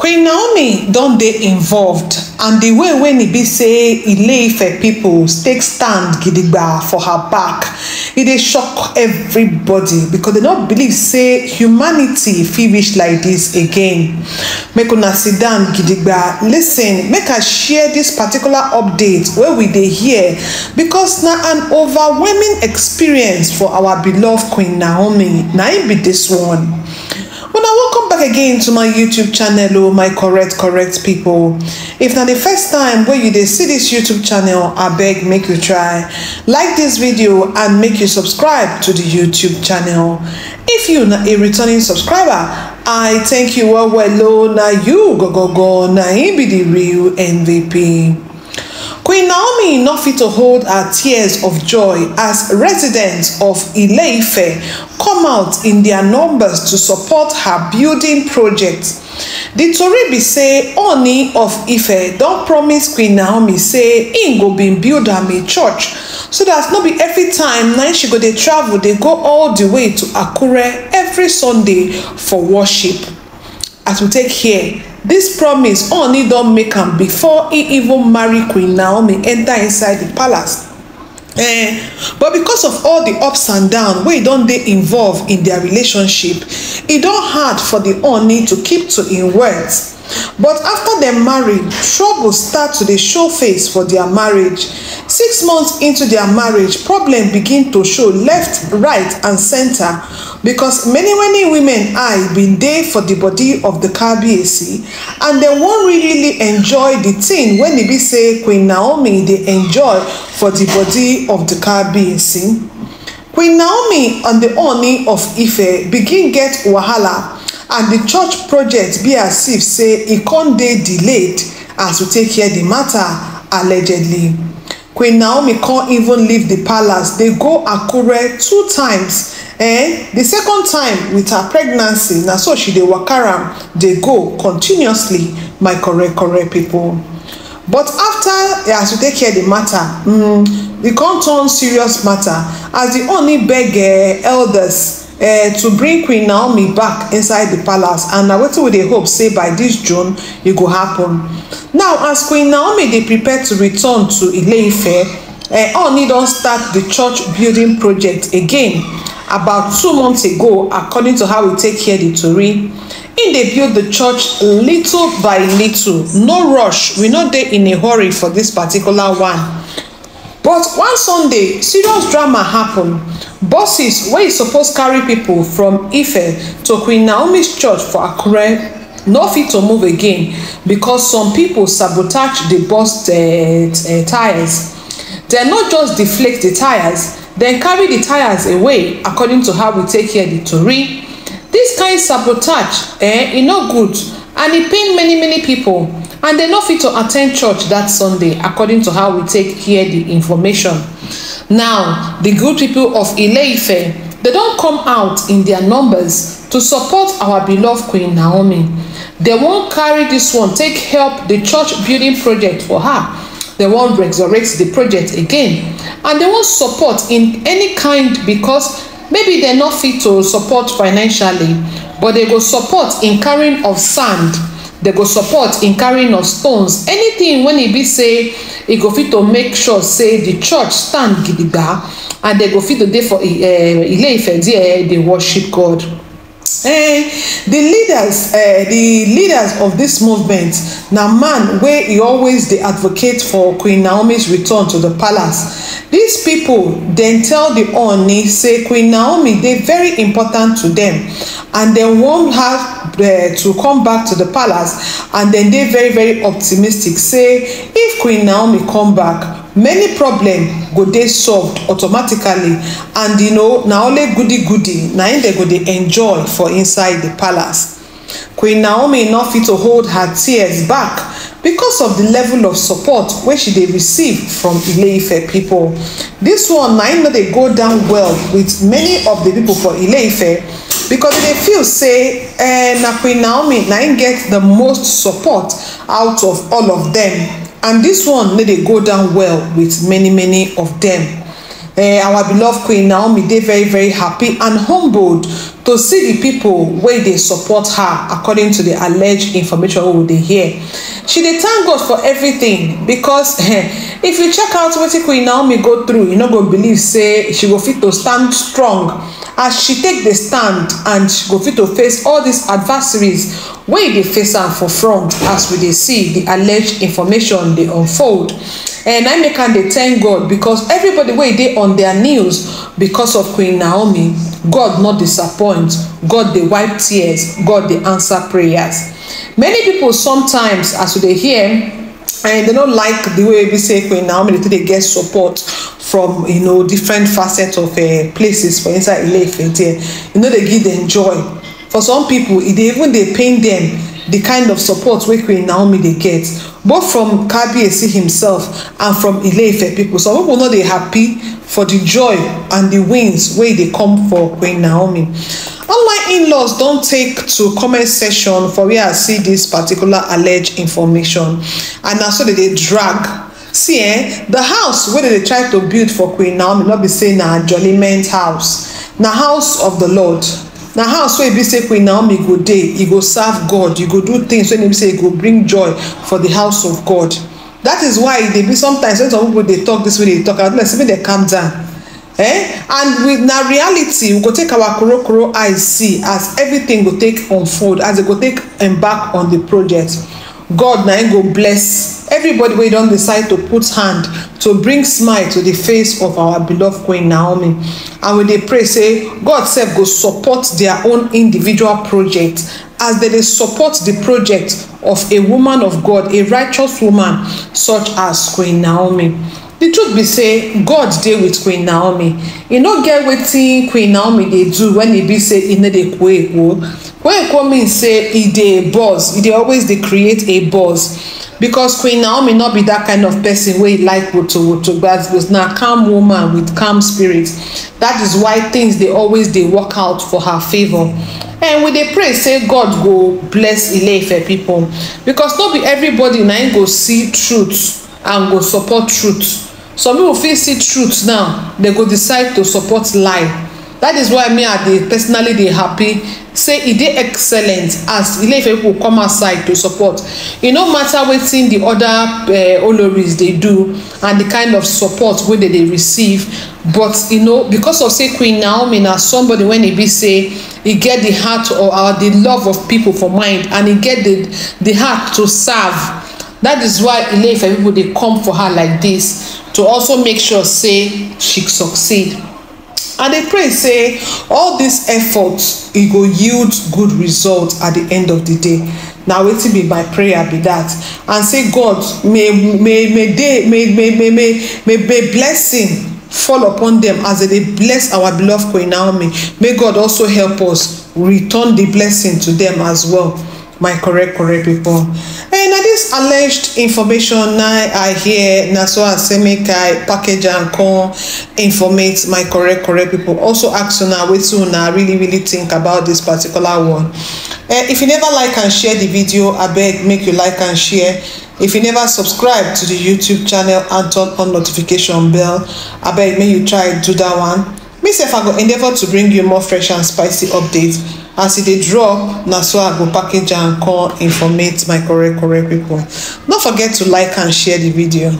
queen naomi don dey involved and di way wey e be say ileife pipo take stand gidigba for her back e dey shock everybody because dem no believe say humanity fit reach like dis again make una sit down gidigba listen make i share dis particular update wey we dey hear because na an overwhelming experience for our beloved queen naomi na im be dis one back again to my youtube channel oh my correct correct people if not the first time when you did see this youtube channel I beg make you try like this video and make you subscribe to the youtube channel if you not a returning subscriber i thank you well well o oh, now you go go go Now him be the real mvp. Queen Naomi not fit to hold her tears of joy as residents of ile come out in their numbers to support her building project. The tori be say oni of ife don't promise queen naomi say im go bin build am a church so dat not be every time na she go they travel they go all the way to akure every sunday for worship as we take here. This promise only don make am before he even marry queen naomi enter inside the palace eh but because of all the ups and downs wey don dey involve in their relationship e don hard for the oni to keep to im words But after dem marry, trouble start to dey show face for their marriage. Six months into their marriage, problem begin to show left, right and center, because many many women eye been dey for the body of the Kabiyesi and they wan really enjoy the thing when they be say Queen Naomi they enjoy for the body of the Kabiyesi. Queen Naomi and the Ooni of Ife begin get wahala and the church project be as if say e con dey delayed as we take hear the matter allegedly queen naomi con even leave the palace dey go akure two times eh the second time with her pregnancy na so she dey waka am dey go continuously my correct correct people. but after eh, as we take hear the matter mm, e con turn serious matter as the oni beg eh, elders Eh, to bring queen naomi back inside the palace and na wetin we dey hope say by dis june e go happen now as queen naomi dey prepare to return to ileife eh, oni don start the church building project again about two months ago according to how we take hear the tori im dey build di church little by little no rush we no dey in a hurry for this particular one but one sunday serious drama happen buses wey e suppose carry pipo from ife to queen naomi's church for akure no fit to move again because some pipo sabotage di bus eh, eh, tyres dem no just deflate di tyres dem carry di tyres away according to how we take hear di tori dis kain sabotage eh e no good and e pain many many pipo and they're not fit to attend church that sunday according to how we take hear the information now the good people of ileife do don come out in their numbers to support our beloved queen naomi will wan carry this one take help the church building project for her will wan resurrect the project again and will wan support in any kind because maybe they're no fit to support financially but they go support in carrying of sand dem go support in carrying of stones Anything wen e be say e go fit to make sure say the church stand gidigba and dem go fit to dey for eh, eh, ile ife there dey worship god eh di leaders eh, the leaders of this movement na man wey e always dey advocate for queen naomi's return to the palace These people dem tell the oni say queen naomi dey very important to them, and dem wan have uh, to come back to the palace and then they very very optimistic say if queen naomi come back many problem go they solved automatically and you know now only goody goody now they go enjoy for inside the palace queen naomi no fit to hold her tears back because of the level of support which they receive from ileife people. This one na im no go down well with many of the people for ileife because they feel say eh, na queen naomi na im get the most support out of all of them, and this one no dey go down well with many many of dem eh, our beloved queen naomi dey very very happy and humbled to see the people wey dey support her according to the alleged information wey we dey hear she dey thank god for everything becos eh, if you check out wetin queen naomi go through you no go believe say she go fit to stand strong as she take dey stand and she go fit to face all these adversaries wey dey face am for front as we dey see the alleged information dey unfold and i make am dey thank god because everybody wey dey on their news because of queen naomi god no disappoint god dey wipe tears god dey answer prayers many people sometimes as we dey hear and they don't like the way we say Queen Naomi they get support from you know different facets of uh, places for inside Ile Ife there you know they give them joy for some people e even they pain them the kind of support where Queen Naomi they get both from Kabiyesi himself and from Ile people some people no dey happy for the joy and the wins where they come for Queen Naomi in-laws don take to comment section for where i see this particular alleged information and na so they dey drag see eh the house wey they dey try to build for queen naomi no be say na jollyment house na house of the lord na house wey e be say queen naomi go dey e go serve god e go do things wey e be say e go bring joy for the house of god that is why e dey be sometimes when some people dey talk this way dey talk i don't know say make dem calm down eh and with na reality we go take our korokoro eyes see as everything go take unfold as it go take embark on the project god na go bless everybody do don decide to put hand to bring smile to the face of our beloved queen naomi and when they pray say god sef go support their own individual project as they support the project of a woman of god a righteous woman such as queen naomi the truth be say god dey with queen naomi e no get wetin queen naomi dey do when e be say e no dey kwo ekwo kwo ekwo mean say e dey buzz e dey always dey create a buzz because queen naomi no be that kind of person wey like wotowoto gbazgbos na calm woman with calm spirit That is why things dey always dey work out for her favour and we dey pray say god go bless ileife people because no be everybody na im go see truth and go support truth some people fit see truth now they go decide to support lie that is why me i dey personally dey happy say e dey excellent as ileife people come outside to support e no matter wetin the other uh, oloris dey do and the kind of support wey they dey receive but you know because of say queen naomi na somebody wey e be say e get the heart or uh, the love of people for mind and e get the the heart to serve that is why ileife people dey come for her like this to also make sure say she succeed and dey pray say all this effort e go yield good result at the end of the day na wetin be my prayer be that, and say god may may may dey may may may may may blessing fall upon them as they dey bless our beloved queen naomi may god also help us return the blessing to them as well my correct correct pipo eh, na this alleged information na i hear na so I say make i package am come informate my correct correct people. also ask una wetin una really really think about this particular one eh, if you never like and share the video abeg make you like and share if you never subscribe to the youtube channel and turn on notification bell abeg make you try do that one me sef i go endeavour to bring you more fresh and spicy updates as e dey drop na so i go package and call informate my correct correct people. no forget to like and share the video